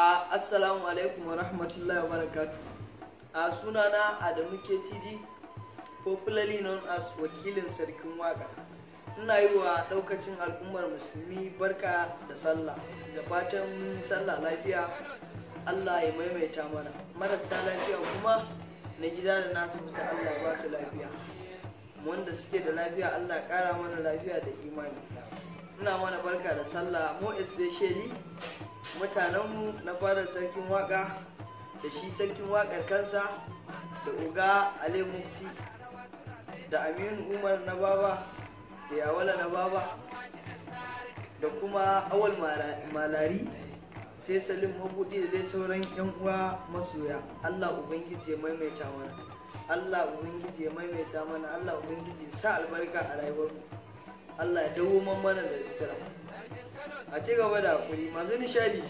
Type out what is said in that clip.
a assalamu alaikum wa rahmatullahi wa barakatu a sunana adamu ktd popularly known as wakilin sarkin waka ina yi wa daukacin al'ummar musulmi barka da sallah da fatan sallah lafiya allah ya maimaita mana marasa lafiya kuma na gida da nasu mutu allah ba su lafiya wanda suke da lafiya allah ya kara mana lafiya da imani ina mana barka da sallah mu especially mutanenmu na fara sarkin waka da shi sarkin wakar kansa da uga ale mufti da aminu umar na baba da yawala na baba da kuma awal malari sai salim mabudi da dai sauran yan uwa masoya allah ubangiji ya maimaita mana allah ubangiji ya maimaita mana allah ubangiji sa albarka a rayuwarmu Allah ya dawo mana da sutura a ci gaba da hakuri masu nishadi